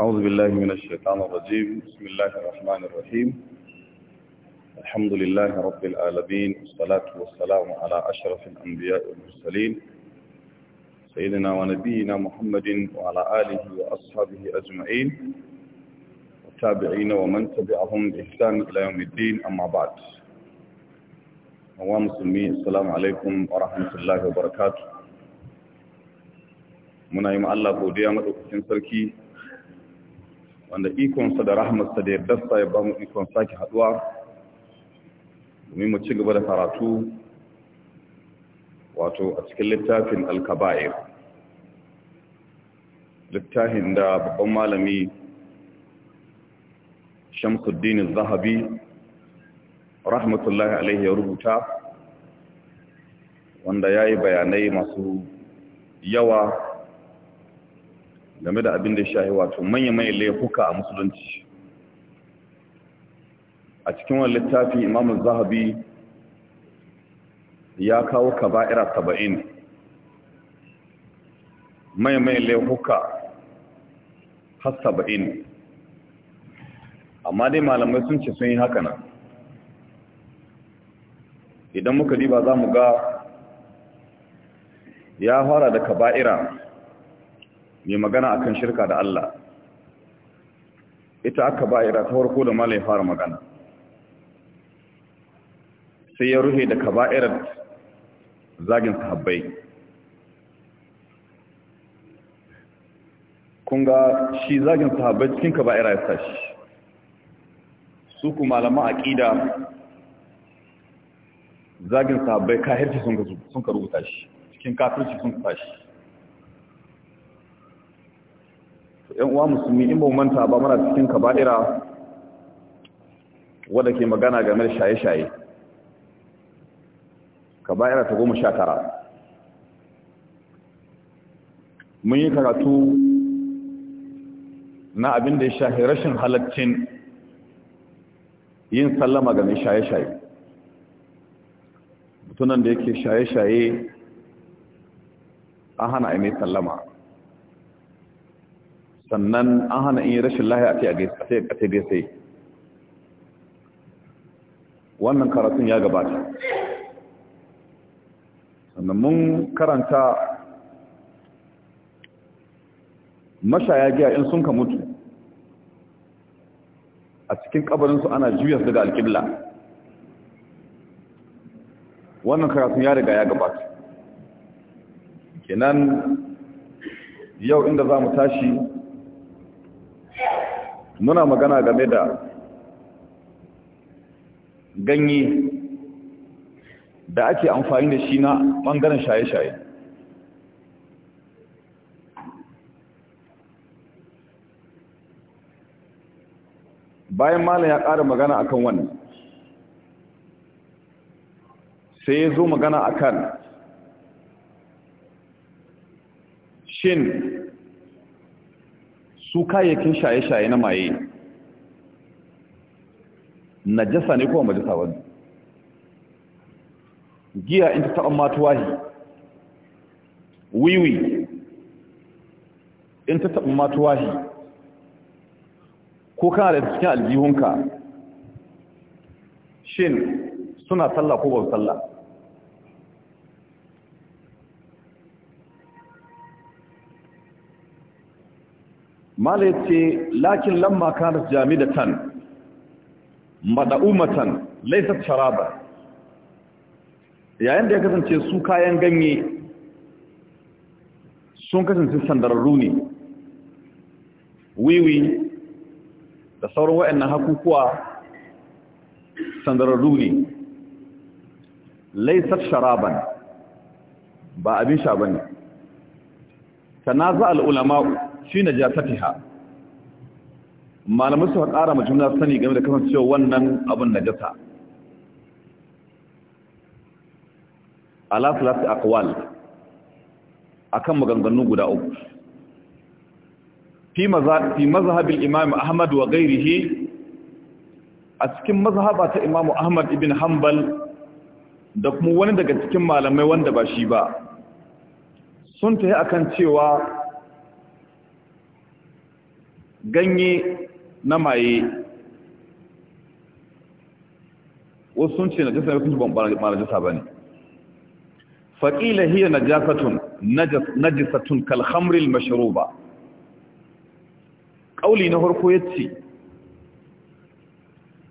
أعوذ بالله من الشيطان الرجيم بسم الله الرحمن الرحيم الحمد لله رب العالمين والصلاة والسلام على أشرف الأنبياء والمرسلين سيدنا ونبينا محمد وعلى آله وأصحابه أجمعين والتابعين ومن تبعهم بإحسان إلى يوم الدين أما بعد أوام مسلمين السلام عليكم ورحمة الله وبركاته muna yi Allah godiya maɗaukacin sarki wanda ikonsa da rahamarsa da sa ya ba mu ikon sake haduwa domin mu ci gaba da karatu wato a cikin littafin alkaba'ir littafin da babban malami shamsuddin zahabi rahmatullahi alaihi ya rubuta wanda ya yi bayanai masu yawa game da abin da ya shahi wato manya-manyan laifuka a musulunci a cikin wani littafi imamun zahabi ya kawo kaba'ira saba'in manya-manyan laifuka har saba'in amma dai malamai sun ce sun yi haka nan idan muka diba za mu ga ya fara da kaba'ira mai magana akan shirka da Allah ita aka ira ta farko da malai fara magana sai ya ruhe da kaba'irar zagin sahabbai kunga shi zagin sahabbai cikin kaba'ira ya sashi su ku malama ƙida zagin sahabbai kahirci sun ka rubuta shi cikin kafirci sun ka sashi yan uwa musulmi in ba manta ba muna cikin kaba'ira wadda ke magana game da shaye-shaye kaba'ira ta goma sha tara mun yi karatu na abin da ya shahi rashin halaccin yin sallama game shaye-shaye mutunan da yake shaye-shaye an hana a sallama sannan an hana in yi rashin lahi a ce da dai sai wannan karatun ya gabata sannan mun karanta mashaya giya in sun ka mutu a cikin kabarinsu ana juya su daga alƙibla wannan karatun ya riga ya gabata kenan yau inda za mu tashi muna magana game da ganye da ake amfani da shi na ɓangaren shaye-shaye bayan malam ya ƙara magana akan wannan sai ya zo magana akan shin su kayayyakin shaye-shaye na maye najasa ne kuma majasa wani giya in ta taɓa matuwahi wiwi in ta taɓa matuwahi ko kana da cikin aljihunka shin suna sallah ko ba sallah mala ce, lakin lamma da jamidatan mad'umatan laysat sharaba yayin da ya kasance su kayan ganye sun kasance sandararru ne wiwi da sauran wa'annan hakukuwa sandararru ne laisar sharaban ba abin sha ba ne tana za al'ulama'u fi najasatiha malamai suka ƙara ma juna sani game da kasancewa wannan abin jasa ala salati aqwal akan maganganu guda uku fi mazhab fi imam ahmad wa a cikin mazhaba ta imam ahmad ibn hanbal da kuma wani daga cikin malamai wanda ba shi ba sun tayi akan cewa ganye na maye wasu sun ce na jasa sun ban ba na jasa ba ne faƙila hiya na jasatun na jisatun kalhamril masharuba ƙauli na harko ya ce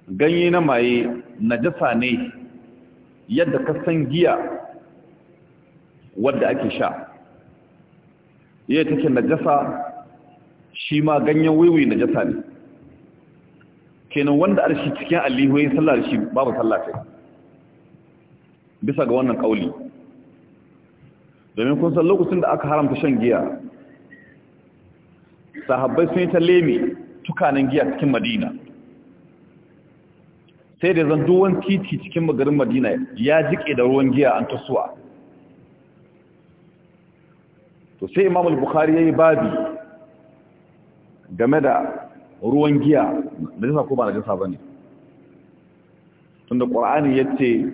ganye na maye na jasa ne yadda ka san giya wadda ake sha iya take na jasa shi ma ganyen wiwi na jasa ne kenan wanda arshi cikin alihu sallah da shi babu sallah kai bisa ga wannan kauli domin kun san lokacin da aka haramta shan giya sahabbai sun yi ta leme tukanin giya cikin madina sai da zan duwan titi cikin magarin madina ya jike da ruwan giya an tasuwa sai imam al-bukhari yayi babi game da ruwan giya da jisa ko ba da jisa ba ne tunda ƙwar'ani ya ce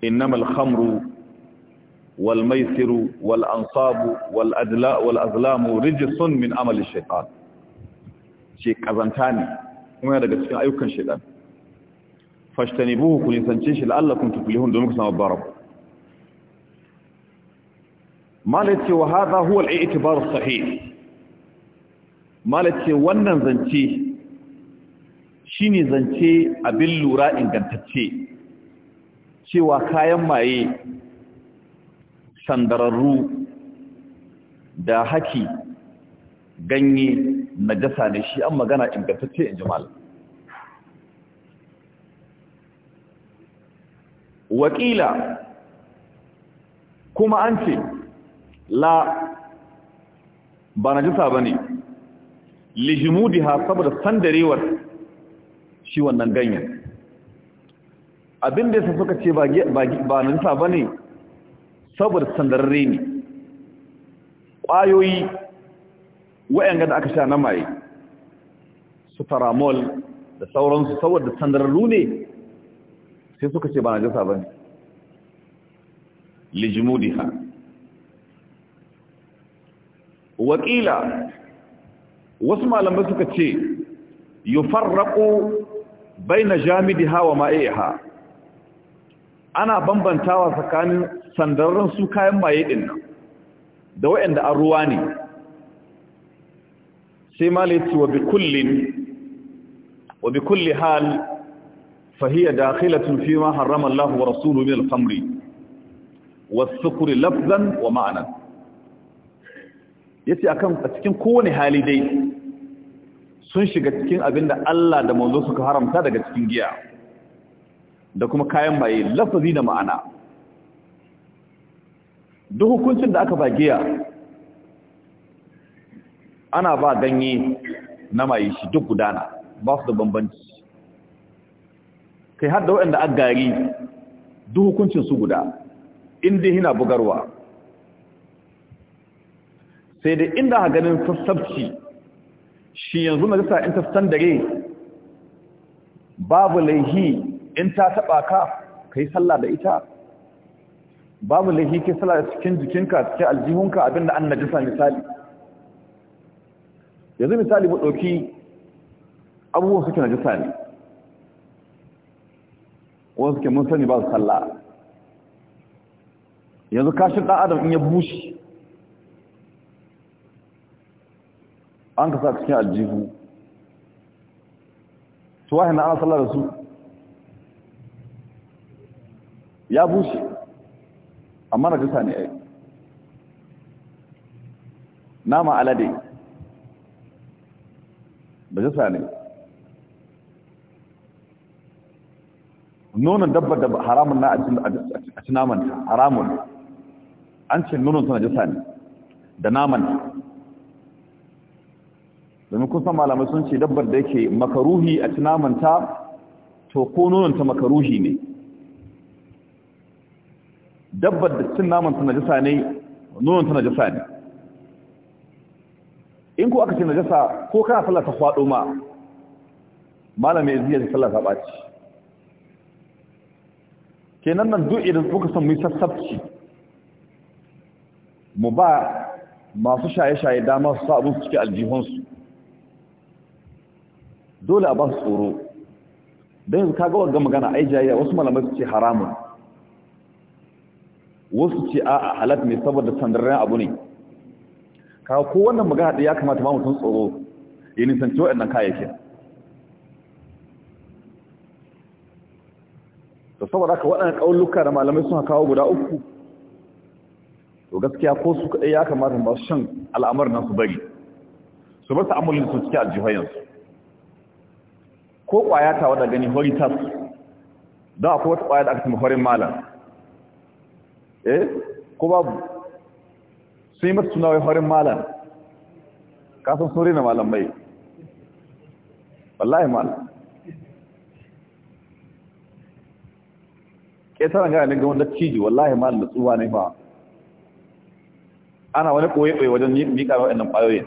innamal khamru wal maisiru wal ansabu wal azlamu rijisun min amalin shaitan ce kazanta ne kuma yana daga cikin ayyukan shaitan fashtanibuhu ku nisanci shi la'allakum tuflihun domin ku samu barabu malace wa hada huwa al-i'tibar sahih malace wannan zance shine zance abin lura ingantacce cewa kayan maye sandararru da haki ganye najasa ne shi an magana ingantacce in jimal wakila kuma an ce la ba na jisa ba ne lijimudiha saboda sandarewar shi wannan ganyen abin da suka ce ba na jisa ba ne saboda sandarre ne ƙwayoyi wa'yanga da aka sha na maye su faramol da sauransu saboda sandararru ne sai suka ce ba na jisa ba ne lijimudiha wakila wasu malamai suka ce yufarraqu baina jamidiha wa ma'iha ana bambantawa tsakanin sandarran su kayan maye din nan da waɗanda an ruwa ne sai malaiti wa bi kullin wa bi kulli hal fahiya dakhilatun fi ma harrama Allah wa rasuluhu min al-khamri was-sukri lafzan wa ma'nan Ya ce a cikin kowane hali dai sun shiga cikin abinda Allah da manzo suka haramta daga cikin giya da kuma kayan maye lafazi da ma'ana duk hukuncin da aka ba giya ana ba ganye na maye shi duk gudana ba su da bambanci kai har da waɗanda a gari duk hukuncin su guda inda yana bugarwa sai dai inda ha ganin sassabci shi yanzu majalisa in ta dare babu laihi in ta taba ka kai sallah da ita babu laihi kai salla da cikin jikinka cikin aljihunka abinda an najisa misali yanzu misali mu doki abubuwan suke najisa ne wanda ke mun sani ba su sallah yanzu kashin ɗan adam in ya bushe an ka sa cikin aljihu tuwahin na ana sallah da su ya bushe amma na kasa ne ai nama alade da jisa ne Nuna dabba da haramun na a ci haramun an ce nonon suna jisa ne da namanta domin kun san malamai sun ce dabbar da yake makaruhi a tunamanta to ko nononta makaruhi ne dabbar da cin namanta najasa ne nononta najasa ne in ko aka ce najasa ko kana sallah ta kwado ma malamai ziyar sallah ta ɓaci kenan nan duk idan kuka san mu sassabci mu ba masu shaye-shaye dama su sa abin su cike aljihunsu dole a ba su tsoro don ka ga wanga magana ai jayya wasu malamai su ce haramun wasu ce a halat ne saboda sandarren abu ne kawo ko wannan magana da ya kamata ma mutum tsoro ya nisanci waɗannan kayayyakin da saboda haka waɗannan ƙauluka da malamai suna kawo guda uku to gaskiya ko su kaɗai ya kamata ba su shan al'amar nasu su bari su ba su amulin su cikin aljihayensu ko ƙwaya ta wadda gani horitas don akwai wata ƙwaya da aka samu horin malam eh ko babu sun yi mata suna wai horin malam kasan sun rina malam mai wallahi malam ƙetaren gane ga wanda ciji wallahi malam da tsuwa ne ba ana wani ɓoye-ɓoye wajen miƙa waɗannan ƙwayoyin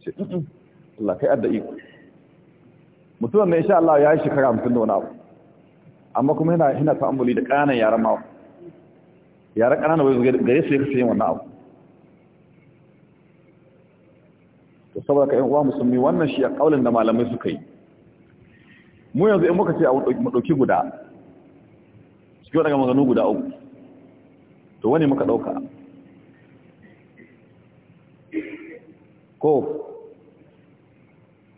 ce Allah kai adda iko mutum mai sha Allah ya yi shekara mutum da wani abu amma kuma yana yana ta'ammuli da ƙananan yaran ma yaran ƙananan wai gare su ya kace yin wani abu to saboda ka yi uwa musulmi wannan shi a ƙaunin da malamai suka yi mu yanzu in muka ce a maɗauki guda guda cikin daga maganu guda uku to wani muka ɗauka. ko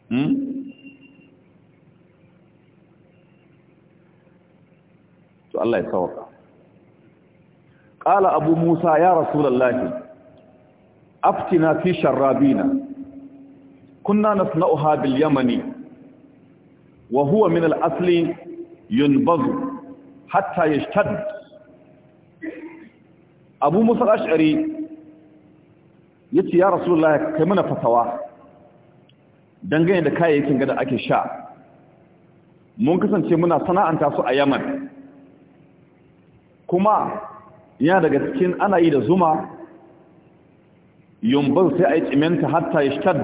hmm Allah ya sauka qala abu musa ya rasulullahi aftina fi sharabina kunna nasna'uha bil yamani wa huwa min al asli yunbaz hatta yashtad abu musa al-ash'ari yace ya rasulullahi kai mana fatawa dangane da kayayyakin gada ake sha mun kasance muna sana'anta su a yaman kuma ya daga cikin ana yi da zuma yumbul sai a yi cimenta hatta ya shtad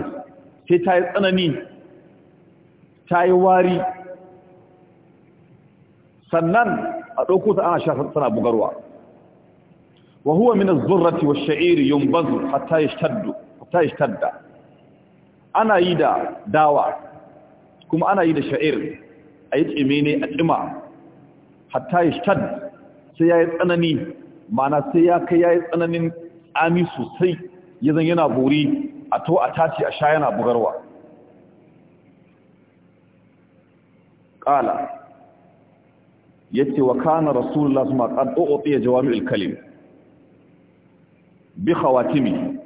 sai ta yi tsanani ta yi wari sannan a ɗauko ta ana shafa tsana bugarwa wa huwa min az-zurrati wash-sha'iri yumbaz hatta yashtaddu hatta yashtadda ana yi da dawa kuma ana yi da sha'ir ayi tsimene a tsima hatta yashtadda sai ya yi tsanani mana sai ya kai ya yi tsananin ami sosai ya zan yana buri a to a tace a sha yana bugarwa ƙala ya ce wa kana rasulullah su maƙar ɗo'o'e ya jawami ilkalim bi khawatimi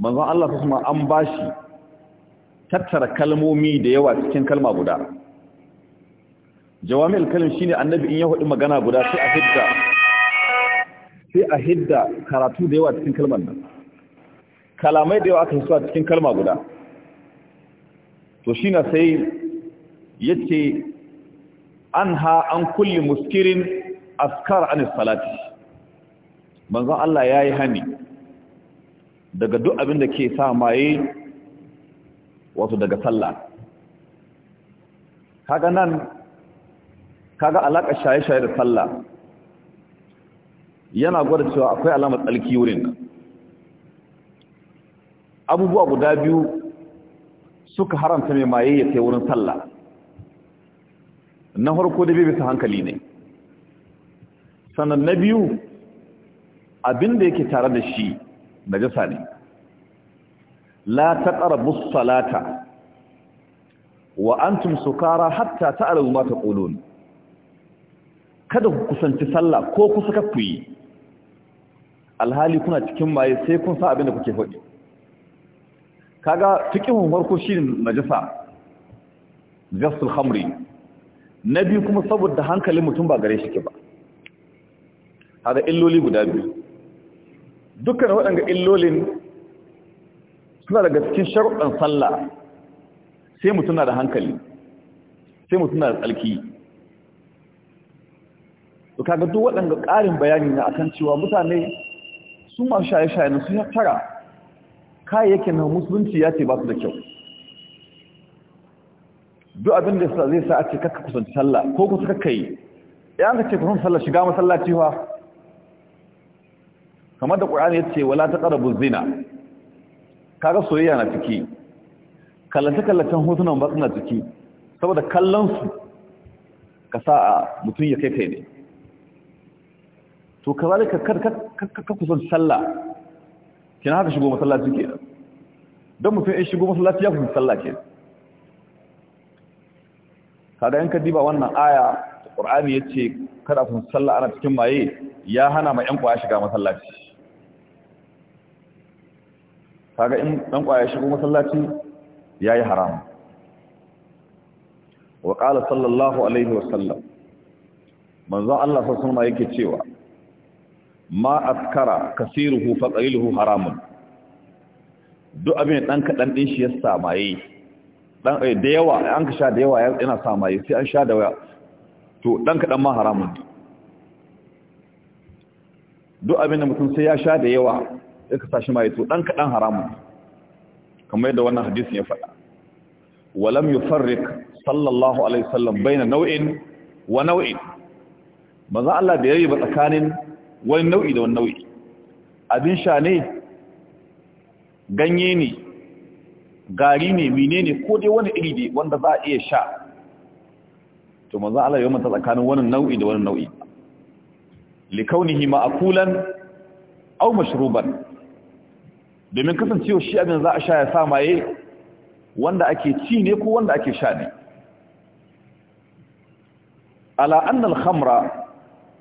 manzan Allah su ma an bashi tattara kalmomi da yawa cikin kalma guda jawami alkalim shine annabi in ya hudu magana guda sai a hidda sai a hidda karatu da yawa cikin kalmar nan kalamai da yawa aka hisuwa cikin kalma guda to shine sai yace anha an kulli muskirin askar an salati manzon Allah yayi hani daga duk abin da ke sa maye wato daga sallah kaga nan kaga alaƙa shaye-shaye da sallah yana gwada cewa akwai alamar tsalki wurin abubuwa guda biyu suka haramta mai maye ya kai wurin sallah na farko da bai bisa hankali ne sannan na biyu abinda yake tare da shi jasa ne la taqrabu salata wa antum sukara hatta ta alamu mata taqulun kada ku kusanci sallah ko kusa ka ku yi alhali kuna cikin maye sai kun sa abin da kuke faɗi kaga fiqhun farko shi najasa gasul khamri na biyu kuma saboda hankalin mutum ba gare shi ke ba hada illoli guda biyu dukkan waɗanda illolin suna daga cikin sharuɗan sallah sai mutum na da hankali sai mutum na da tsalki to kaga duk waɗanda ƙarin bayani na akan cewa mutane su masu shaye-shaye na sun tara kayayyakin na musulunci ya ce ba su da kyau duk abin da zai sa a ce kakka kusanci sallah ko kusa kakka yi ya an ka ce sallah shiga masallaci fa kamar da ƙur'ani ya ce wala ta ƙarabu zina kaga soyayya na ciki kallace-kallacen hotunan ba suna ciki saboda kallon su ka sa a mutum ya kai kai ne to kazalika ka kusan sallah kina haka shigo masallaci ke? don mutum in shigo masallaci ya kusan sallah kenan kada 'yan diba wannan aya ya ce, kada kun sallah ana cikin maye ya hana ma yan kwaya shiga masallaci kaga in dan kwaya shigo masallaci yayi haram wa qala sallallahu alaihi wa sallam. manzo Allah sallallahu alaihi wasallam yake cewa ma askara kasiruhu fa qaliluhu haramun duk abin dan kaɗan din shi ya samaye eh, da yawa an ka sha da yawa yana samaye sai an sha da yawa to dan kaɗan ma haramun duk abin da mutum sai ya sha da yawa ya ka sashi mai to dan kaɗan haramun kamar yadda wannan hadisin ya faɗa walam yufarriq sallallahu alaihi wasallam baina nau'in wa nau'in Ba za Allah da yayi ba tsakanin wani nau'i da wani nau'i abin sha ne ganye ne gari ne mine ne ko dai wani iri ne wanda za a iya sha to maza Allah ya manta tsakanin wani nau'i da wani nau'i likaunihi ma'akulan aw mashruban domin kasancewa shi abin za a sha ya sa maye wanda ake ci ne ko wanda ake sha ne ala anna khamra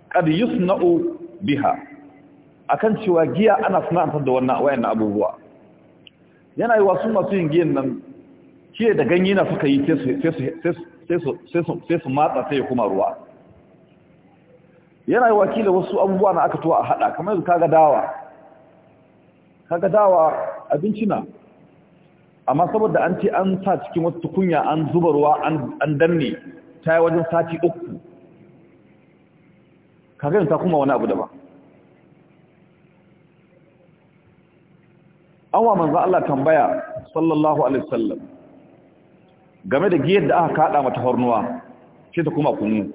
qad yusna'u biha akan cewa giya ana sana'anta da wannan wayannan abubuwa yana yi wasu masu yin giyan nan shi da ganye na suka yi sai su matsa sai ya kuma ruwa yana yi da wasu abubuwa na aka tuwa a hada kamar yanzu kaga dawa kaga dawa abinci na amma saboda an ce an sa cikin wata tukunya an zuba ruwa an danne ta yi wajen sati uku kaga yanzu ta kuma wani abu daban awa manzo Allah tambaya sallallahu alaihi wasallam game da giyar da aka kada mata hornuwa ce ta kuma kunu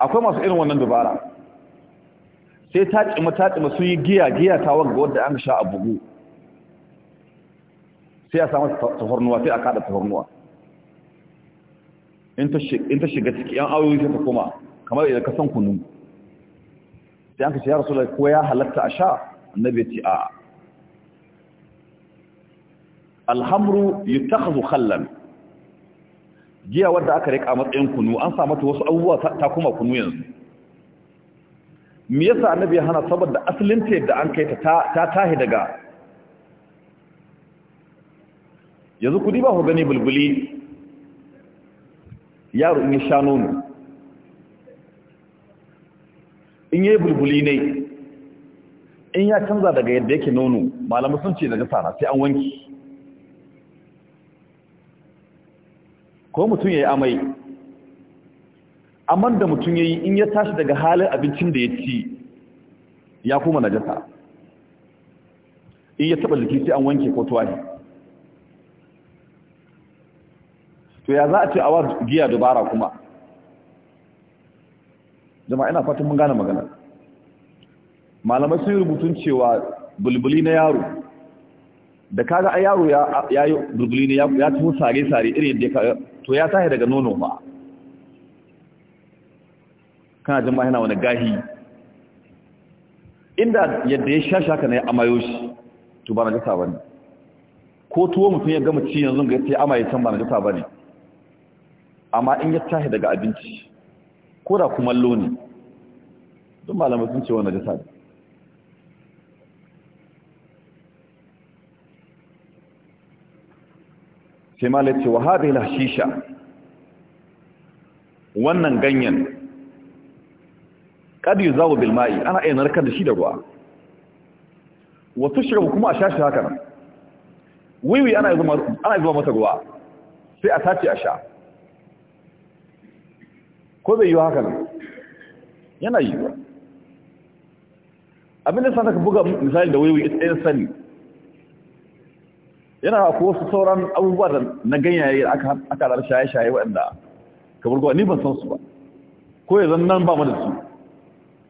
akwai masu irin wannan dubara sai ta tsima ta tsima sun yi giya giya ta wanga wanda an sha a bugu sai a samu ta hornuwa sai a kada ta hornuwa in ta shiga ciki yan ayoyi sai ta koma kamar idan ka san kunu sai an ka ce ya rasu ko ya halatta a sha annabi ya ce a'a alhamru yutakhadhu khallan giya wadda aka rika matsayin kunu an sa mata wasu abubuwa ta kuma kunu yanzu me yasa annabi ya hana saboda asalin ta yadda an kai ta ta tahi daga yanzu kudi ba ku gani bulbuli yaro in ya sha nono in yi bulbuli ne in ya canza daga yadda yake nono malamu sun ce daga sana sai an wanki ko mutum ya yi amai amman da mutum ya yi in ya tashi daga halin abincin da ya ci ya kuma najasa in ya taba jiki sai an wanke ko ne. to ya za a ce awa giya dubara kuma jama'a ina fatan mun gane magana malamai sun yi rubutun cewa bulbuli na yaro da kaga yaro ya ya yi gurguli ne ya tuhu sare-sare irin yadda to ya tahi daga nono ba kana jin ba yana wani gahi inda yadda ya shashi haka na ya amayo shi to ba na jasa ba ne ko tuwo mutum ya gama ci yanzu ga ya amaye can ba na jasa ba ne amma in ya tahi daga abinci ko da kumallo ne don malamai sun ce wani jasa ne sai malai ce wa la shisha? wannan ganyen ƙadi yuzawu bil Bilma'i, ana iya narkar da shi da ruwa Wasu shirya kuma a shashi haka wiwi ana zuba ana mata ruwa sai a tace a sha ko zai yi haka nan yana yi abin da sa ka buga misali da wiwi ɗaya sani yana akwai wasu sauran abubuwa da na ganyaye da aka da shaye-shaye waɗanda kamar guwa ni ban san su ba ko ya zan nan ba mu da su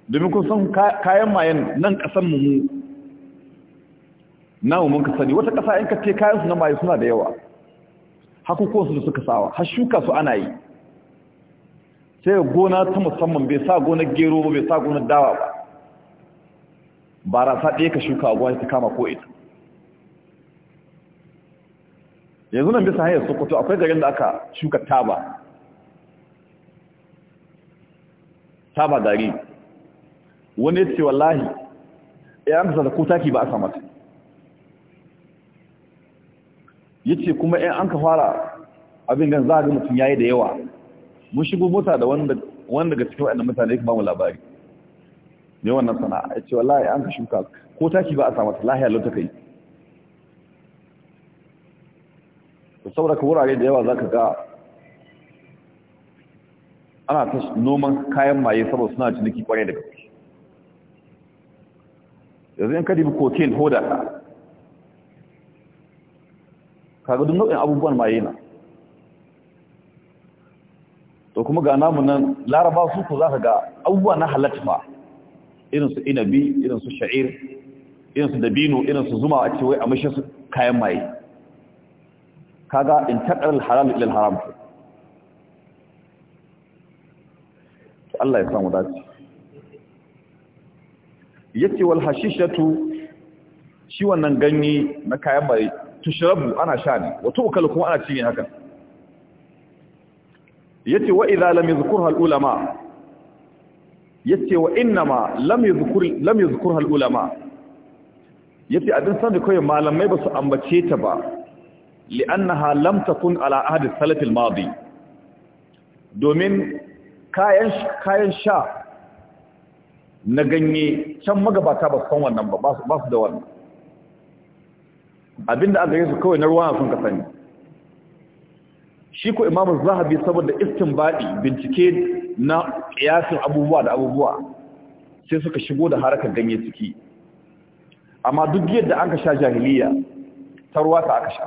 domin kun san kayan mayan nan ƙasar mu mu na mun ka sani wata ƙasa in ka ce kayan su na maye suna da yawa hakukuwan su da suka sawa har shuka su ana yi sai gona ta musamman bai sa gona gero ba bai sa gona dawa ba barasa ɗaya ka shuka a gona ta kama ko ita yanzu nan bisa hanyar sokoto akwai garin da aka shuka taba taba gari wani ya ce wallahi ya eh, an kasa ko taki ba a samata ya ce kuma yan eh, an ka fara abin gan za a ga mutum yayi da yawa mun shigo mota da wanda ga cikin waɗanda mutane ya ba mu labari ne wannan sana'a ya ce wallahi an ka shuka ko taki ba a samata lahiyar lau kai saboda ka wurare da yawa za ka ga ana ta noman kayan maye saboda suna ciniki kwarai da gaske yanzu in ka dibi kokin hoda ka kaga duk nau'in abubuwan maye na to kuma ga namu nan laraba su ku za ka ga abubuwa na halatta ba irinsu inabi irinsu sha'ir irinsu dabino irinsu zuma a ce wai a mashi su kayan maye kaga in taqar al-halal ila al-haram Allah ya samu dace yace wal hashishatu shi wannan ganye na kayan mai tushrabu ana sha ne wato ukal kuma ana ci ne haka yace wa idza lam yadhkurha al-ulama yace wa innama lam yadhkur lam yadhkurha al-ulama yace abin sani koyi malamai ba su ambace ta ba li'annaha lam takun ala ahdi salaf al-madi domin kayan sha na ganye can magabata ba su san wannan ba ba su da wannan abinda aka yi su kawai na ruwa sun ka shi ko imamu zahabi saboda istinbadi bincike na kiyasin abubuwa da abubuwa sai suka shigo da harakar ganye ciki amma duk yadda aka sha jahiliya ta ruwa aka sha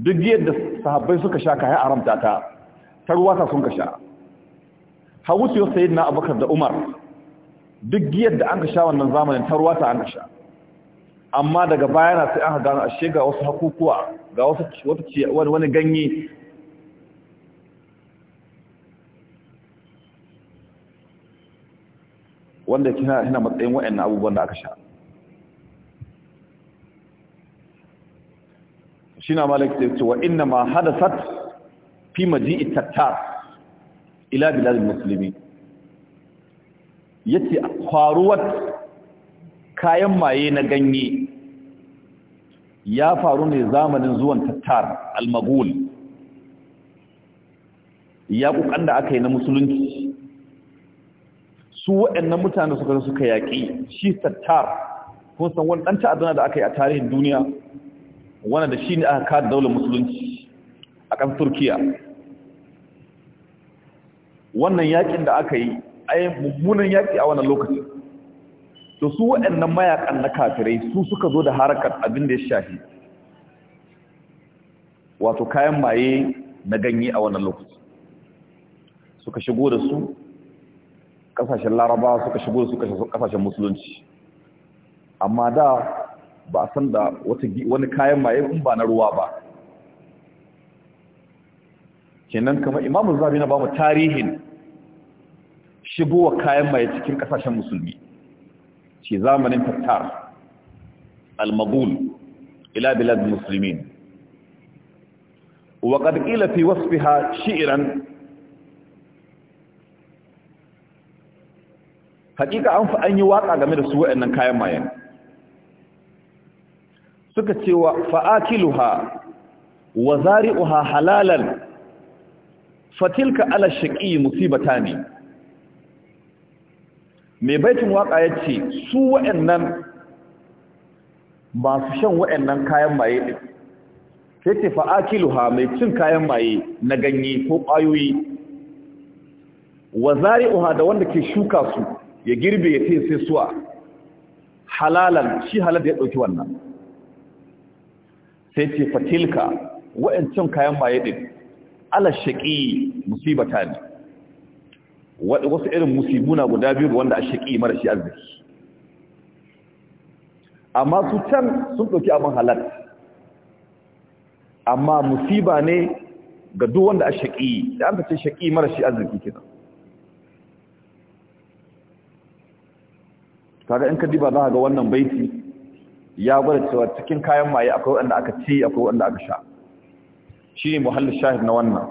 duk yadda sahabbai suka sha kayan aramta ta tarwata sun ka sha hawuciyar sayid na abokan da umar duk yadda an ka sha wannan zamanin tarwata an ka sha amma daga bayana sai an gano ashe ga wasu hakukuwa ga wasu wani ganye wanda kina matsayin wa'annan abubuwan da aka sha shi na malik ta ce wa inna ma hadasat fi maji'i tattar ila bilal musulmi yace faruwar kayan maye na ganye ya faru ne zamanin zuwan tattar almagul ya kukan da aka yi na musulunci su waɗannan mutane suka suka yaƙi shi tattar kun san wani ɗan ta'adana da aka yi a tarihin duniya wanda da shi ne aka kada daular musulunci a kan turkiya wannan yakin da aka yi yi mummunan yaki a wannan lokacin to su waɗannan mayakan na kafirai su suka zo da harakar abin da ya shafi wato kayan maye na ganye a wannan lokacin suka shigo da su ƙasashen laraba suka shigo da su ƙasashen musulunci amma da ba a san da wani kayan maye in ba na ruwa ba kenan kamar imamun zabi na ba mu tarihin shigowa kayan maye cikin kasashen musulmi ce zamanin tattar al-maghul ila bilad muslimin wa qad qila fi wasfiha shi'ran hakika an fa an yi waka game da su wayannan kayan mayen suka ce wa fa'akiluha wa zari'uha halalan fatilka ala musibata ne. mai baitin waka ce su wa'annan ba su shan wa'annan kayan maye ɗin. sai ce fa'akiluha mai cin kayan maye na ganye ko ƙwayoyi wa zari'uha da wanda ke shuka su ya girbe ya ce sai suwa halalan shi halar da ya ɗauki wannan sai ce fatilka wa'ancin kayan maye ɗin, ala shaƙi musibata ne wasu irin musibuna guda biyu wanda a shaƙi mara shi arziki amma su can sun ɗauki abin halal amma musiba ne ga duk wanda a shaƙi da an ce shaƙi mara shi arziki kina. kaga in ka diba za ga wannan baiti ya gwada cewa cikin kayan maye akwai wanda aka ci akwai wanda aka sha shi ne muhallin shahid na wannan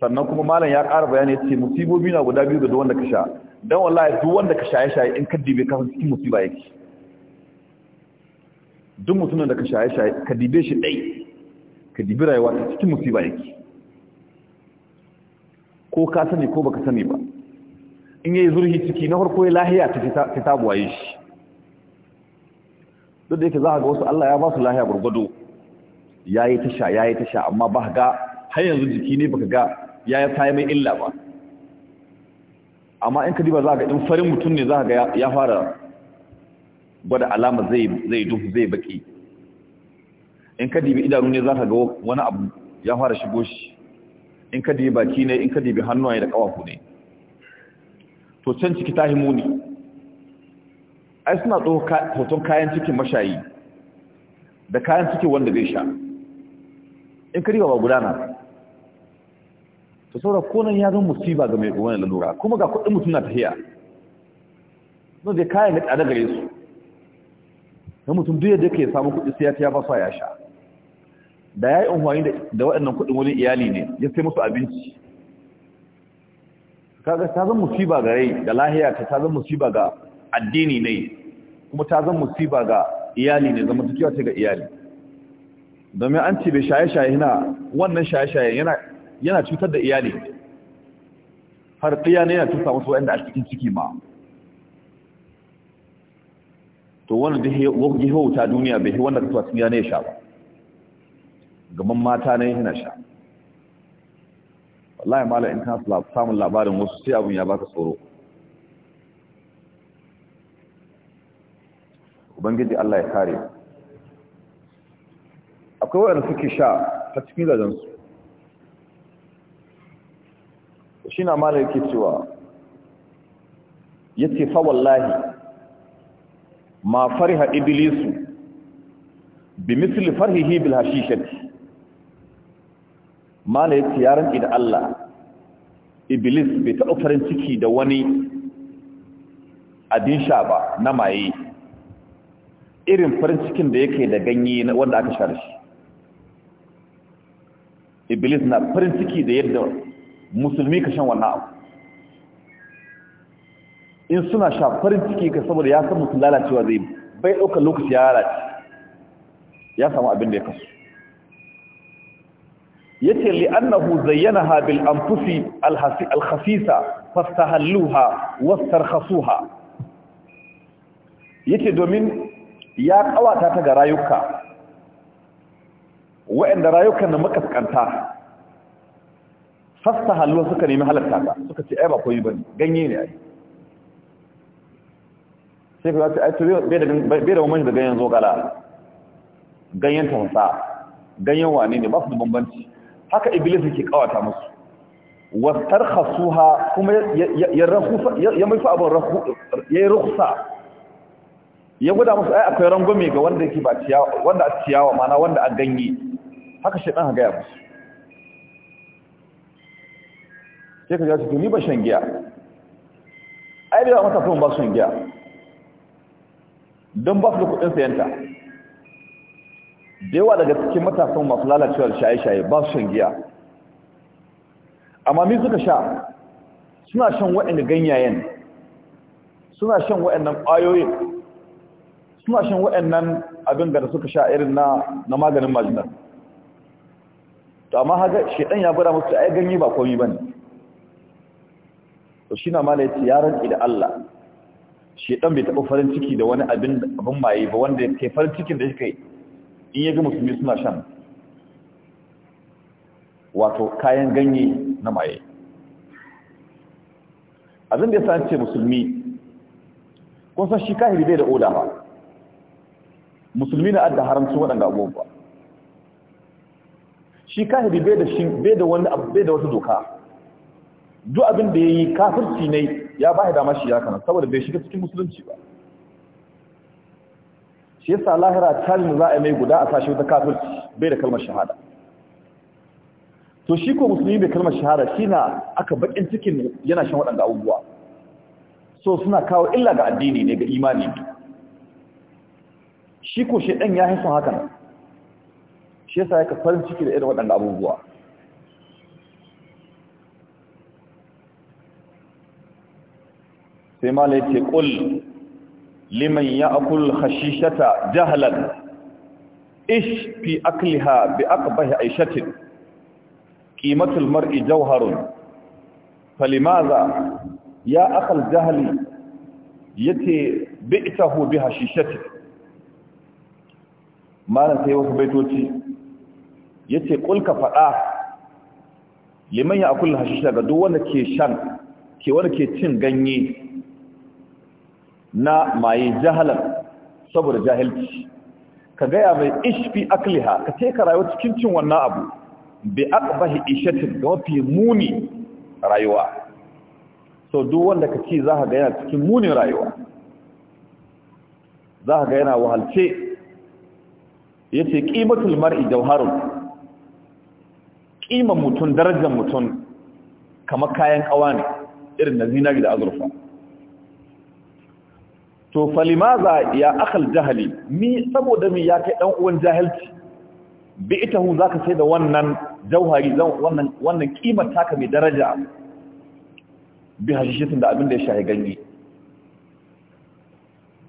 sannan kuma malam ya ƙara bayani ya ce musibobi na guda biyu ga duk wanda ka sha don wallahi duk wanda ka shaye-shaye in ka dibe ka cikin musiba yake duk mutumin da ka shaye-shaye ka dibe shi dai ka dibi rayuwa ta cikin musiba yake ko ka sani ko baka sani ba in yayi zurhi ciki na farko ya lahiya ta ta buwaye shi duk da yake za ga wasu Allah ya ba su lahiya gurgudu yayi tasha yayi tasha amma ba ga har yanzu jiki ne baka ga yayi tayi mai illa ba amma in ka diba za ga in farin mutum ne za ga ya fara gwada alama zai zai duhu zai baki in ka dibi idanu ne za ka ga wani abu ya fara shigo shi in ka dibi baki ne in ka dibi hannuwaye da kawafu ne to can ciki ta himuni ai suna hoton kayan cikin mashayi da kayan cikin wanda zai sha in ka riba ba gudana ta saura konan ya zan musiba ga mai wani lalura kuma ga kudin mutum na tafiya no zai kayan da tsada gare su na mutum duk yadda ke samun kudi sai ya ta ba sa ya sha da ya yi unhuwani da waɗannan kudin wani iyali ne ya sai musu abinci kaga ta zan musiba ga rai da lahiya ta ta zan musiba ga addini ne kuma ta zan musiba ga iyali ne zama tukiwa ta ga iyali domin an ce bai shaye-shaye yana wannan shaye-shaye yana cutar da iyali har tsaya ne yana cuta wasu wa'anda a cikin ciki ma to wani da hauta duniya bai wanda ka tuwa ya ne ya sha ba gaban mata ne yana sha wallahi mala in kan samun labarin wasu sai abin ya baka tsoro ubangiji Allah ya kare akwai waɗanda suke sha ta cikin zajensu shi na mara yake cewa ya ce fa wallahi ma fariha iblisu bi misli farhihi bil hashishati mala yake yaran da Allah iblis bai taɓa farin ciki da wani abin sha ba na maye irin farin cikin da yake da ganye wanda aka share shi iblis na farin ciki da yadda musulmi ka shan wannan abu in suna sha farin ciki ka saboda ya san mutum lalacewa zai bai ɗaukar lokaci ya lalace ya samu abin da ya kasu ya ce li'annahu zayyana ha bil amfusi alhasisa fastahalluha wastarhasuha ya ce domin ya kawata ta ga rayuka waɗanda rayukan da makaskanta fasta halluwa suka nemi halatta ta suka ce ai ba koyi ba ganye ne ai sai ku zace ai to bai da mamaji da ganyen zogala ganyen tafasa ganyen wane ne ba su da bambanci haka iblis yake kawata musu wastarkhasuha kuma ya rahusa ya mai fa abun ya ya guda musu ai akwai rangwame ga wanda yake ba ciyawa wanda a ciyawa mana wanda a ganye haka shi ɗan gaya musu sai ka su ni ba shan giya ai bai yawa matasan ba shan giya don ba su da kudin sayanta da yawa daga cikin matasan masu lalacewar shaye-shaye ba su shan giya amma mi suka sha suna shan waɗanda ganyayen suna shan waɗannan ƙwayoyin suna shan waɗannan abin da suka sha irin na maganin majinar to amma haka shaidan ya gura musu ai ganye ba komi ba ne to shi na mala ya ce yaran da Allah shaidan bai taɓa farin ciki da wani abin maye ba wanda ya ke farin cikin da shi kai in ya ga musulmi suna shan wato kayan ganye na maye abin da ya sa ce musulmi kun san shi kahiri bai da oda ba musulmi na adda haramci waɗanda abubuwa shi kahiri bai da wani abu bai da wasu doka duk abin da ya yi kafirci ne ya ba dama shi ya kana saboda bai shiga cikin musulunci ba shi yasa lahira talin za a mai guda a sashi wata kafirci bai da kalmar shahada to shi ko musulmi bai kalmar shahada shi na aka bakin cikin yana shan waɗanda abubuwa so suna kawo illa ga addini ne ga imani ne shi ko ɗan ya haifun haka shi yasa ka farin ciki da irin waɗanda abubuwa sai mala yake ƙul liman akul hashishata jahalan ish fi akliha bi aqbah aishatin qimatul mar'i jawharun Falimaza ya akhal jahli yati bi'tahu bi hashishatin malam sai wasu baitoci yace kul ka fada liman ya akul hashisha ga duk wanda ke shan ke wanda ke cin ganye na maye jahalar saboda jahilci ka gaya mai ishfi akliha ka ce ka rayuwa cikin cin wannan abu bi aqbahi ishatin ga mafi muni rayuwa so duk wanda ka ce za ka ga yana cikin munin rayuwa za ka ga yana wahalce yace qimatul mar'i jawharun ƙiman mutum darajar mutum kamar kayan kawa ne irin na zinari da azurfa to falimaza ya akal jahali mi saboda mi ya kai dan uwan jahilci bi ita hu zaka sai da wannan jauhari wannan wannan taka mai daraja bi hashishin da abin da ya shahi ganye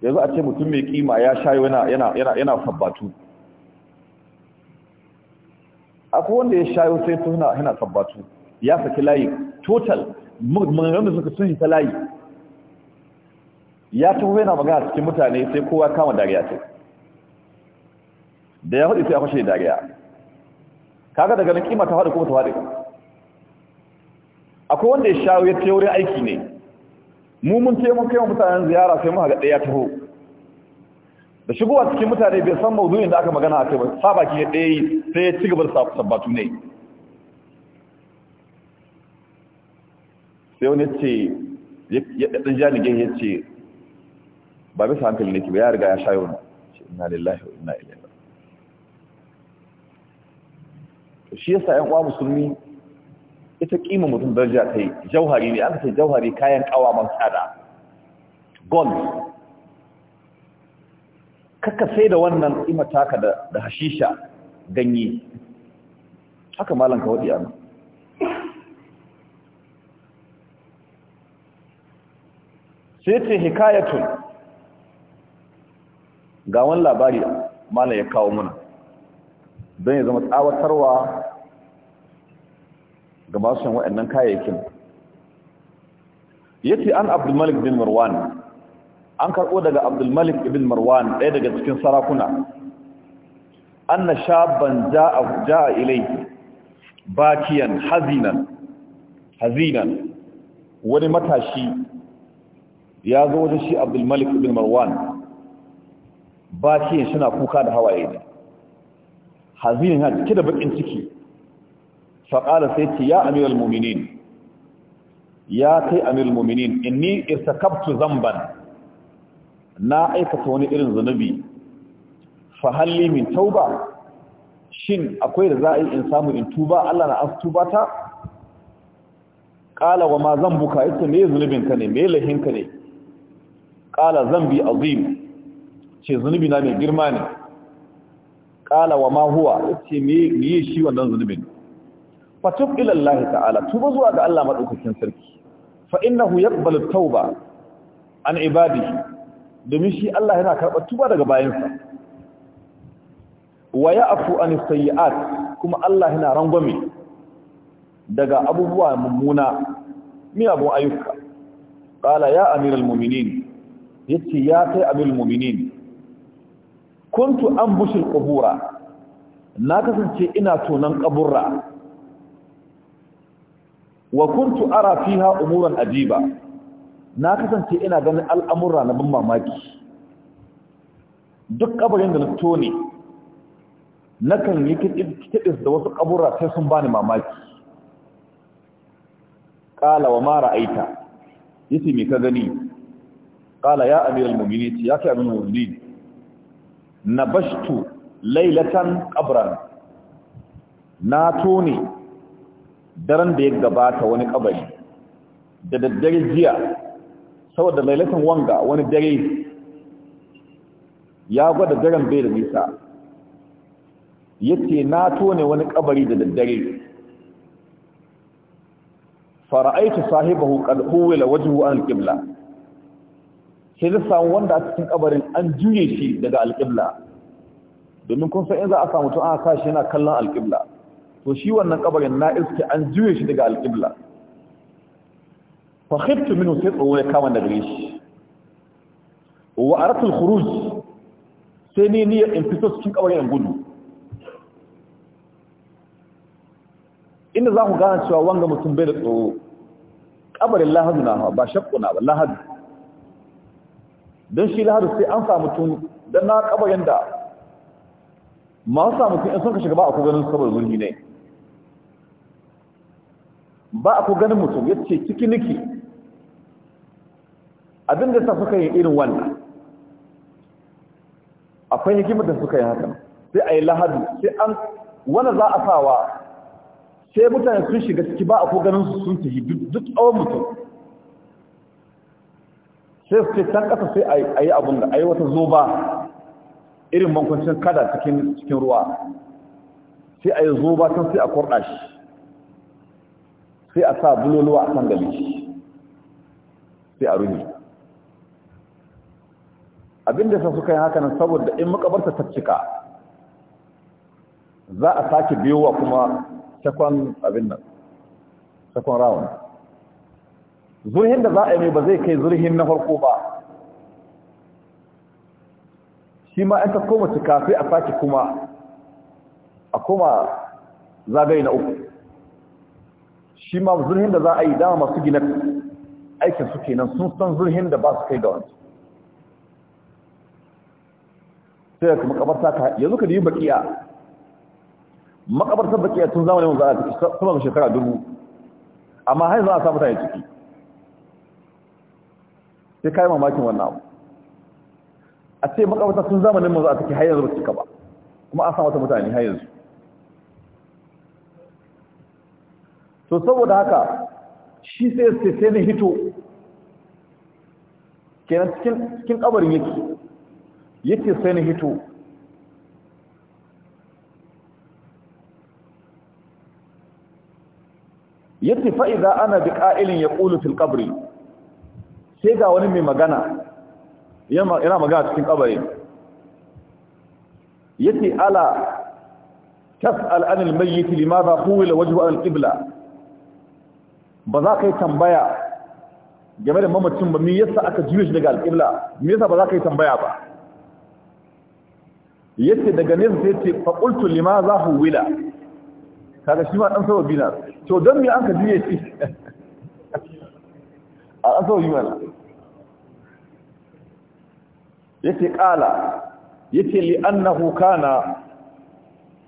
yanzu a ce mutum mai kima ya shayi yana yana akwai wanda ya shayo sai suna yana tabbatu ya saki layi total mun da suka sun ta layi ya taho yana magana cikin mutane sai kowa kama dariya ce da ya haɗu sai a fashe dariya kaga daga nan kima ta haɗu kuma ta haɗu akwai wanda ya shayo ya ce wurin aiki ne mu mun ce mun kai mutanen ziyara sai mu haga ɗaya taho da shigowa cikin mutane bai san maudu'in da aka magana a kai ba sa baki ya ɗaya sai ya ci gaba da sabbatu ne sai wani ce ya ɗan janigin ya ce ba bisa hankali ne ki ba ya riga ya shayo na inna lillahi wa inna ilaihi to shi yasa ƴan uwa musulmi ita kima mutum daraja ta yi jauhari ne an ce jauhari kayan kawa tsada gold kaka sai da wannan imataka da da hashisha ganye haka malam ka wadi ana sai ce hikayatun ga wani labari malam ya kawo muna don ya zama tsawatarwa ga masu waɗannan kayayyakin ce an abdulmalik bin marwan an karɓo daga abdulmalik ibn marwan ɗaya daga cikin sarakuna an na shaban ja'a ilai bakiyan hazinan hazinan wani matashi ya zo wajen shi abdulmalik ibn marwan bakiyan suna kuka da hawaye ne hazinan ya cike da bakin ciki faƙala sai ce ya al muminin ya kai amir al muminin inni irtakabtu zamban na aikata wani irin zunubi fa halli min tauba shin akwai da za a yi in samu in tuba Allah na asu tuba ta kala wa ma buka ita me zunubin ka ne me lahin ka ne zan bi azim ce zunubi na mai girma ne kala wa ma huwa ce me yi shi wannan zunubin fa tub ila Allah ta'ala tuba zuwa ga Allah madaukakin sarki fa innahu yaqbalu tauba an ibadihi domin shi Allah yana karɓar tuba daga bayansa wa afu an sayyi'at kuma Allah yana rangwame daga abubuwa mummuna miyagun ayyuka qala ya amiral mu'minin yace ya kai amiral mu'minin kuntu ambushil ƙubura. na kasance ina tonan ƙaburra wa kuntu ara fiha umuran ajiba na kasance ina ganin al'amura na bin mamaki duk ƙabarin da na tone na kan yi kiɗis da wasu ƙabura sai sun bani mamaki ƙala wa mara aita yace mai ka gani ƙala ya amiral mummini ya kai abin wuri. na bashtu lailatan kabran na tone daren da ya gabata wani kabari da daddare jiya saboda lailatin wanga wani dare ya gwada daren bai da nisa yace na tone wani kabari da daddare fara'aitu sahibahu qad huwila wajhu an al sai da samu wanda a cikin kabarin an juye shi daga al domin kun san in za a samu to an sa shi yana kallon al to shi wannan kabarin na iske an juye shi daga al fa khiftu minhu sai tsoro ya kama daga shi wa aratul khuruj sai ni ni in fito cikin kawai in inda za ku gane cewa wanga mutum bai da tsoro kabarin lahadu ba shakkuna ba lahadu don shi lahadu sai an samu mutum don na kabarin da masu samu mutum in sun ka shiga ba a ku ganin saboda zurgi ne ba a ku ganin mutum ya ce ciki niki abin da ta suka yi irin wannan akwai hikimar da suka yi hakan sai a yi lahadi sai an wani za a sawa sai mutane sun shiga ciki ba a ko ganin su sun tafi duk awon mutum sai su ce can ƙasa sai a yi abin da a yi wata zoba irin mankwancin kada cikin ruwa sai a yi zoba can sai a kurɗa shi sai a sa buloluwa a kan gari sai a rumi abinda sa suka yi haka nan saboda in makabarta ta cika za a sake biyowa kuma sakon abin nan sakon rawun zurhin da za a yi mai ba zai kai zurhin na farko ba shi ma yan ta koma cika sai a sake kuma a koma zagaye na uku shi ma zurhin da za a yi dama masu gina aikin suke nan sun san zurhin da ba su kai ga wancan sai ka ta ka yanzu ka yi bakiya ta bakiya tun zamanin manzo a ciki sama da shekara dubu amma har yanzu a samu ta ciki sai kai mamakin wannan abu a ce ta tun zamanin manzo a ciki har yanzu ba cika ba kuma a samu ta mutane har yanzu to saboda haka shi sai sai ne hito kenan cikin cikin kabarin yake yace sai na hito yace fa idza ana bi qa'ilin yaqulu fil qabri sai ga wani mai magana yana magana cikin kabari yace ala tas'al anil mayyit limadha quwila da al qibla ba za ka yi tambaya game da mamacin ba me yasa aka juye shi daga al qibla me yasa ba za ka yi tambaya ba yace daga nesa sai ce fa qultu lima za wila kaga shi ma dan sababi na to dan me an ka shi a yi mana yace qala yace li annahu kana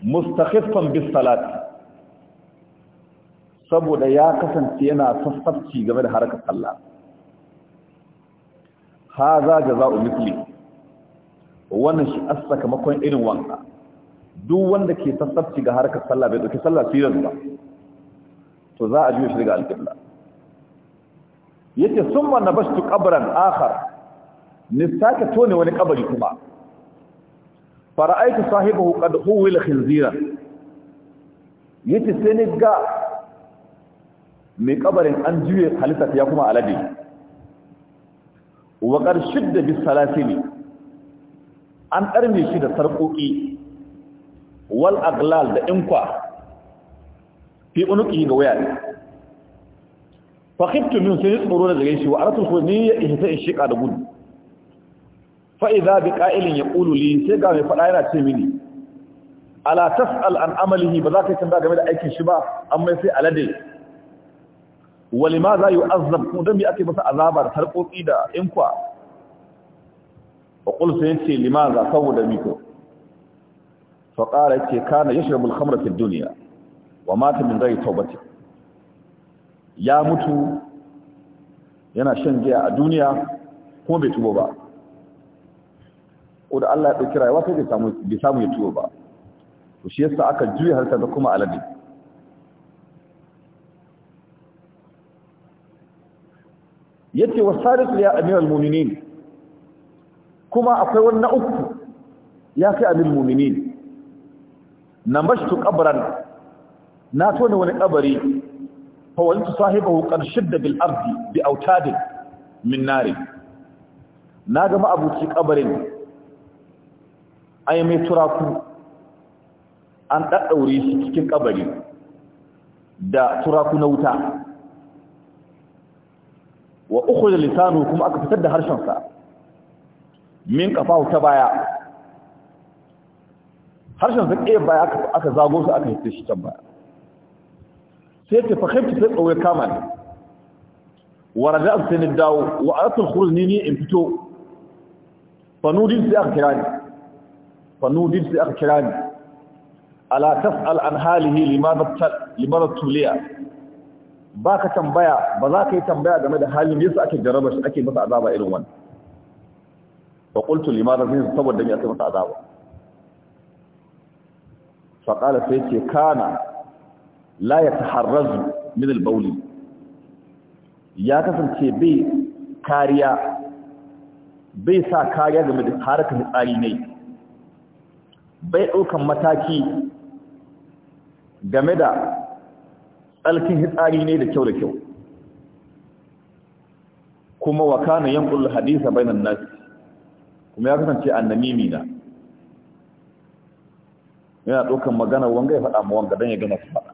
mustakhiffan bis salati saboda ya kasance yana sassafci game da harkar sallah haza jaza'u misli wannan shi as sakamakon irin wanka duk wanda ke sassabci ga harkar sallah bai dauki sallah sirrin ba to za a juya shi daga alƙibla yace summa nabashtu qabran akhar ni sake tone wani kabari kuma fara'aitu sahibahu qad huwila khinziran yace sai ni ga mai kabarin an juye halitta ya kuma alade wa qad shidda bis salasili an ɗarme shi da sarƙoƙi wal aglal da inkwa fi unuki ga waya ne fakhiftu min sai tsoro da gare shi wa aratu so ni ya sai in shika da gudu fa idza bi qa'ilin yaqulu li sai ga mai faɗa yana ce mini ala tas'al an amalihi ba za ka tanda game da aikin shi ba amma sai alade wa limaza yu'azzab kuma bi ake masa azaba da da inkwa wa qul sai yace limaza saboda miko fa qala yace kana yashrabu al-khamra fi wa mata min ya mutu yana shan giya a duniya kuma bai tubo ba ko da Allah ya dauki rayuwa sai bai samu bai samu ya tubo ba to shi yasa aka juya harta da kuma alade yace wasarifu ya amiral mu'minin kuma akwai wani na uku ya kai abin mumini na mashtu kabran na tona wani kabari fawaltu sahibahu qarshid bil ardi bi autadin min nari na ga ma'abuci kabarin ai mai turaku an daddaure shi cikin kabari da turaku na wuta wa uku da lisanu kuma aka fitar da harshen sa min kafahu ta baya harshen su ƙe baya aka zago su aka hitse shi can baya sai ta fahimta sai tsawo ya kama ne wa raja'a sai ni dawo wa aratul kuru ni ni in fito Fannu din sai aka kira ni fa nudin sai aka kira ni ala tas'al an halihi limadha tal limadha tuliya tambaya ba za ka yi tambaya game da halin yasa ake jarraba shi ake masa azaba irin wani fa qultu lima rabbi saboda me aka masa azaba fa sai ce kana la yataharrazu min al-bawl ya kasance bai kariya bai sa kariya game da harakar tsari ne bai ɗaukan mataki game da tsalkin hitsari ne da kyau da kyau kuma wa kana yankul hadisa bainan nasi kuma ya kasance annamimi na yana ɗaukan magana wanga ya faɗa ma wanga don ya gama su faɗa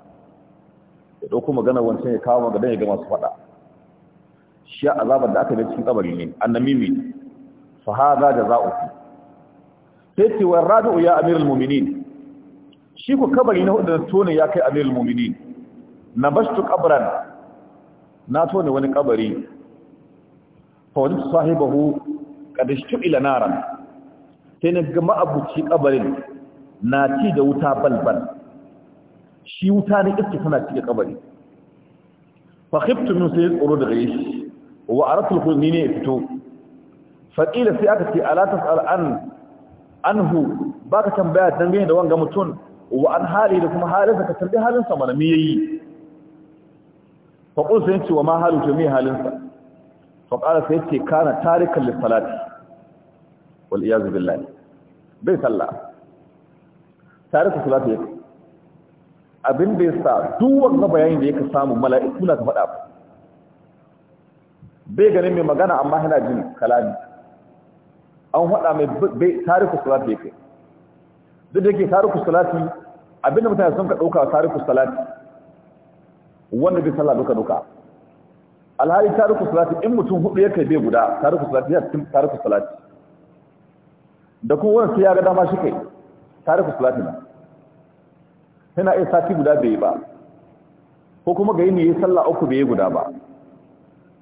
ya ɗauko magana wancan ya kawo manga don ya gama su faɗa shi azabar da aka yi cikin tsabari ne annamimi fa haza jaza'uhu sai ce wa rabi'u ya amirul mu'minin shi ku kabari na hudu da tone ya kai amirul mu'minin na bashtu qabran na tone wani kabari fa wani sahibahu kadishtu ila naran sai na ga ma'abuci ƙabarin na ci da wuta balbal shi wuta ne iske tana ci da kabari fa khiftu min sai tsoro daga yi wa a aratul khulni ne fito fa sai aka ce alatas al'an anhu. Ba ka tambaya dangane da wanga mutum? wa an hali da kuma halinsa ka tambayi halinsa mana me yayi fa qul sai ce wa ma halu to me halinsa fa qala sai ce kana tarikan lissalati wal iyazu billahi bai sallah tare da salatu yake abin da yasa duk wanda bayanin da yake samu mala'iku na ta faɗa ba bai ganin mai magana amma yana jin kalami an faɗa mai bai tariku salatu yake duk da yake tariku salati abinda mutane sun ka ɗauka tariku salati wanda bai sallah duka duka alhali tariku salati in mutum hudu ya kai bai guda tariku salati ya cikin salati da kuma wani sai ya ga dama shi kai tare ku salatina yana iya sati guda bai ba ko kuma ga yi ne ya sallah uku bai guda ba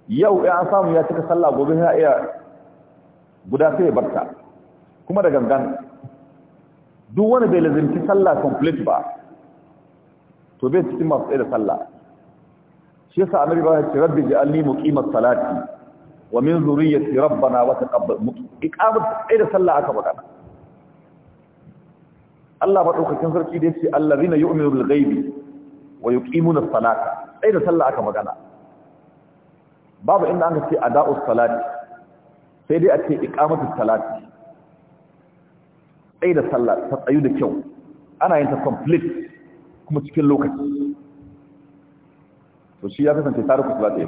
yau ya an samu ya cika sallah gobe yana iya guda sai ya barta kuma da gangan duk wani bai lazimci sallah complete ba to bai cikin masu tsaye da sallah shi yasa annabi ba ya ce rabbi ja'alni muqimat salati wa min zuriyyati rabbana wa taqabbal mutu iqamatu da sallah aka magana Allah madaukakin sarki da yace allazina yu'minu bil ghaibi wa yuqimuna as-salata da sallah aka magana babu inda an ce ada'us salati sai dai a ce iqamatu salati da sallah ta tsayu da kyau ana yin ta complete kuma cikin lokaci to shi ya kasance tare ku salati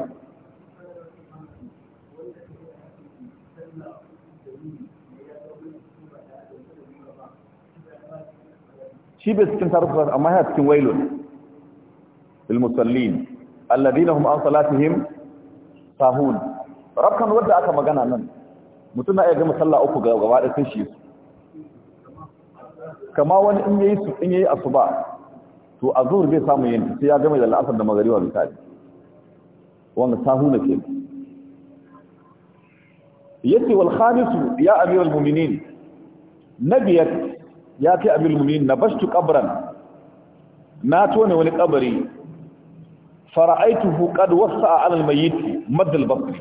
shi bai cikin tarukar amma yana cikin wailun ilmusallin alladina hum an salatihim sahun rafkan wadda aka magana nan mutum na iya gama sallah uku gaba da sun shi kama wani in yayi su in yayi asuba to azhur bai samu yin sai ya gama da al'asar da magariba misali wanda sahuna ke yace wal khamis ya amiral mu'minin nabiyat ya kai amir mu'minin na bashtu ƙabran. na tone wani ƙabari fara'aituhu qad wasu a al-mayyit madd al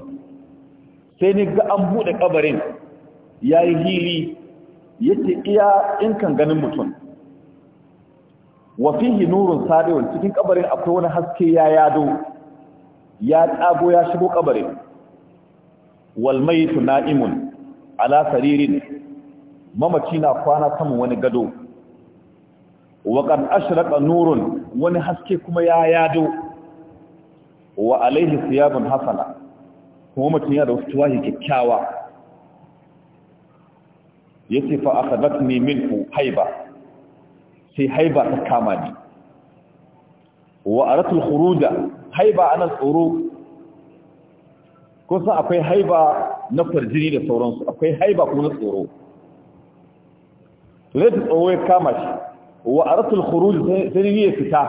sai ni ga an ƙabarin. Ya yayi hili ce iya in kan ganin mutum Wafihi nurun sadiun cikin ƙabarin akwai wani haske ya yado ya tsago ya shigo ƙabarin. wal mayyit na'imun ala saririn mamaci na kwana saman wani gado waƙan ashiraka nurun wani haske kuma ya yado wa alaihi siyabun hasana kuma mutum yana da wasu tuwahi kyakkyawa ya ce fa aka zatni ku haiba sai haiba ta kama ni wa a ratul huruda haiba ana tsoro kusan akwai haiba na farjini da sauransu akwai haiba kuma na tsoro let away kamash wa aratul khuruj sai ya fita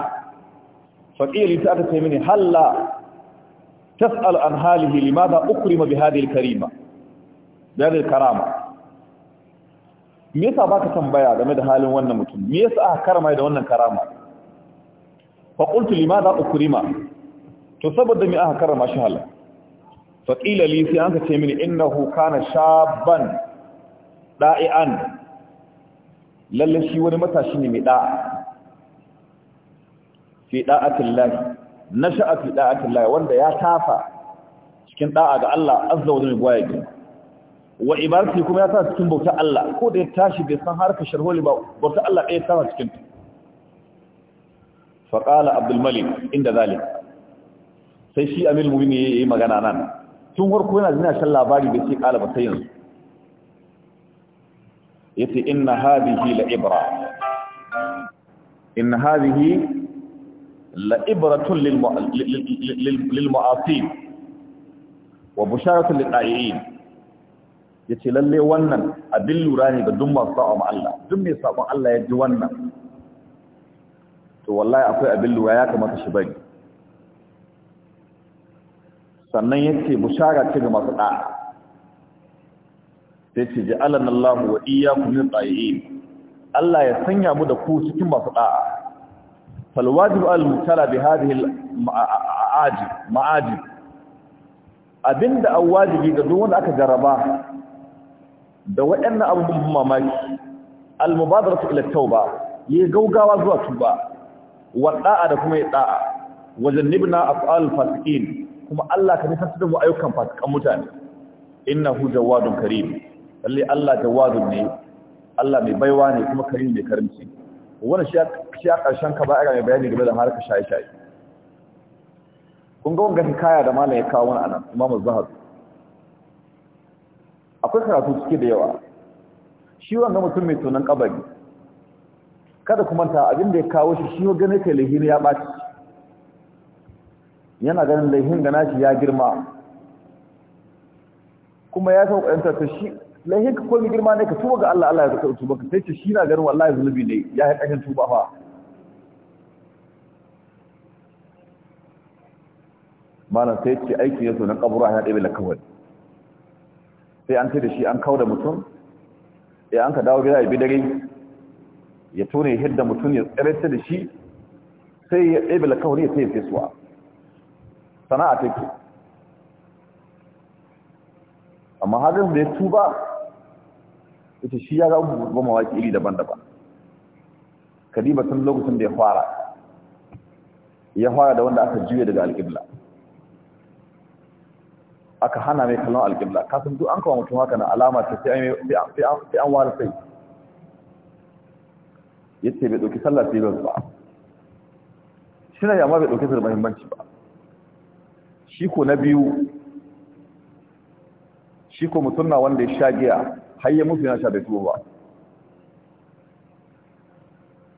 faqili ta aka ce mini halla tas'al an halihi limadha ukrima bi hadhihi al-karima bi hadhihi karama me yasa baka tambaya game da halin wannan mutum me yasa aka karama da wannan karama fa qultu limadha ukrima to saboda me aka karama shi halla faqila li sai an ka ce mini innahu kana shaban da'ian Lallai shi wani matashi ne mai da'a fi da'atin Na sha'a fi da'atin lahi wanda ya tafa cikin ɗa'a ga Allah azza wa jalla gwaya gina wa ibadati kuma ya tafa cikin bauta Allah ko da ya tashi bai san harkar sharholi ba bauta Allah ɗaya tafa cikin ta Faƙala qala abdul malik inda zalik sai shi amil mu'mini yi magana nan tun farko yana jina shan labari bai ce kala ba sai yanzu yace inna hadhihi la ibra inna hadhihi la ibratun lil mu'atin wa busharatun lil da'iin yace lalle wannan abin lura ne ga duk masu sa'a ma Allah duk mai sabon Allah ya ji wannan to wallahi akwai abin lura ya kamata shi bari sannan yace bushara ce ga masu da'a sai ce ja'alana Allah wa iyyakum min ta'iin Allah ya sanya mu da ku cikin masu da'a fal wajibu al mutala bi hadhihi al aaji ma'aji. abinda an wajibi ga duk wanda aka jaraba da waɗannan abubuwan mamaki al mubadaratu ila tauba yi gaugawa zuwa tuba wa da'a da kuma ya da'a wajannibna af'al fasikin kuma Allah ka nisantar da mu ayyukan fasikan mutane innahu jawadun karim lalle Allah tawwabun ne Allah mai baiwa ne kuma karim mai karimci wannan shi a ƙarshen ka ba a mai bayani game da harka shaye-shaye kun ga wanga kaya da malam ya kawo wani anan imamu zahar akwai karatu cike da yawa shi wanga mutum mai tunan kabari kada kuma ta abin da ya kawo shi shi ganin kai lahini ya ɓaci yana ganin lahirin gana shi ya girma kuma ya san ƙwayanta ta shi lahin ka komi girma ne ka tuba ga Allah Allah ya zaka tuba ka sai ce shi na ganin wallahi zulubi ne ya yi ƙashin tuba fa malam sai ce aiki yaso na kabura ya ɗabe lakawal sai an da shi an kawo da mutum ya an ka dawo gida ya bi dare ya tone ya hidda mutum ya tsirarta da shi sai ya ɗabe lakawal ya sai ya fesuwa sana'a take amma hadin da ya tuba ita shi ya ga abubuwan mawaki iri daban-daban kadiba tun lokacin da ya fara ya fara da wanda aka juya daga alƙibla aka hana mai kallon alƙibla kasan duk an kawo mutum haka na alama ta sai an wara sai ya ce bai ɗauki sallah sai ba shi na yamma bai ɗauki sai da mahimmanci ba shi ko na biyu shi ko mutum na wanda ya sha giya har ya mutu yana sha bai tuwo ba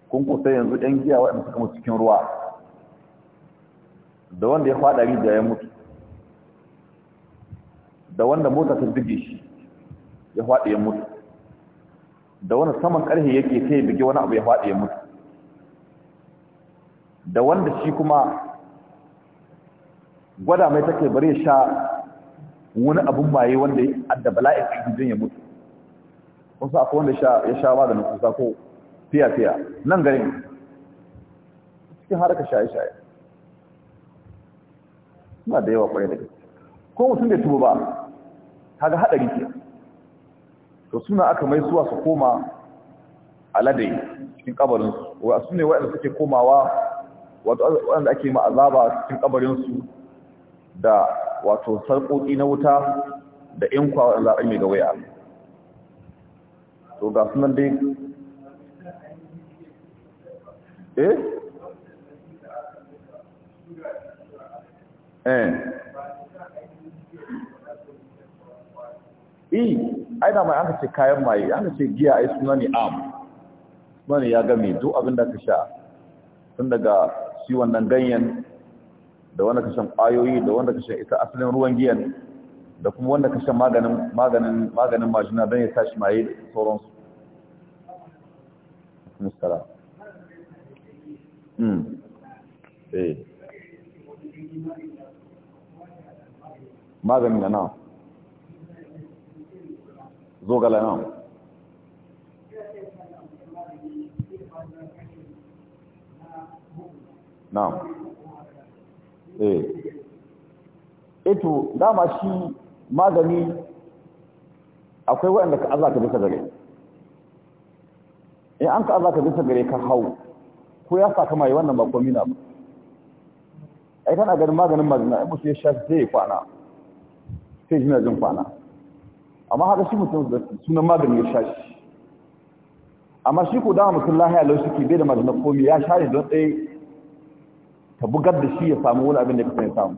kun kusa yanzu ɗan giya waɗanda suka mutu cikin ruwa da wanda ya faɗa rijiya ya mutu da wanda mota ta buge shi ya faɗa ya mutu da wanda saman ƙarfe yake yi buge wani abu ya faɗa ya mutu da wanda shi kuma gwada mai take bari ya sha wani abun maye wanda ya addaba la'in ya mutu kun sa akwai wanda ya sha ba da nufusa ko fiya-fiya nan garin cikin haraka shaye-shaye suna da yawa kwaye da gaske ko mutum da tuba ba ta ga haɗari ke to suna aka mai suwa su koma aladai cikin kabarinsu wa su ne waɗanda suke komawa wato waɗanda ake ma azaba cikin kabarinsu da wato sarƙoƙi na wuta da ƴan kwa waɗanda za mai yi mai to ga sunan dai eh eh eh aina mai aka ce kayan maye aka ce giya ai suna ne am suna ne ya game duk abin da ka sha tun daga shi wannan ganyen da wanda ka shan ƙwayoyi da wanda ka shan ita asalin ruwan giyan da kuma wanda ka shan maganin maganin maganin majina don ya tashi maye da sauransu misala hmm eh maganin da na zogala na na eh eto eh dama shi magani akwai waɗanda ka Allah ka bisa gare in an ka Allah ka bisa gare ka hau ko ya saka mai wannan ba komi na ba ai kana ganin maganin magana ai musu ya sha zai kwana sai jina jin kwana amma haka shi mutum da sunan magani ya sha shi amma shi ko dama mutum lahiya lau suke ke bai da magana komi ya sha ne don tsaye ta bugar da shi ya samu wani abin da ya samu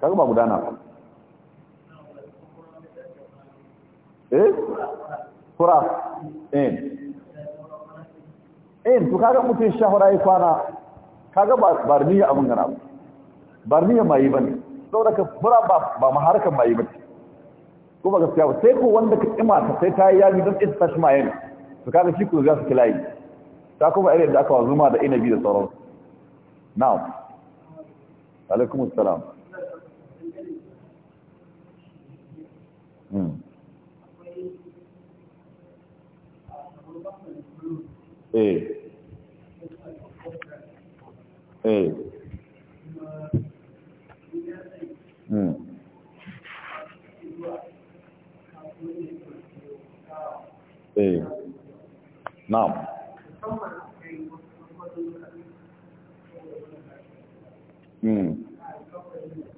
kaga ba gudana ba eh kura in in to kaga mutum shahura ya kwana kaga ba niyya abin gana ba ba mai bane saboda ka fura ba maharkar maharkan mai bane ko ba gaskiya ba sai ko wanda ka kima ta sai ta yi yaji don isa shi mayan to kaga shi ku za su yi ta kuma irin da aka zuma da inabi da sauransu na'am alaikum salam. eh eh hmm eh na'am hmm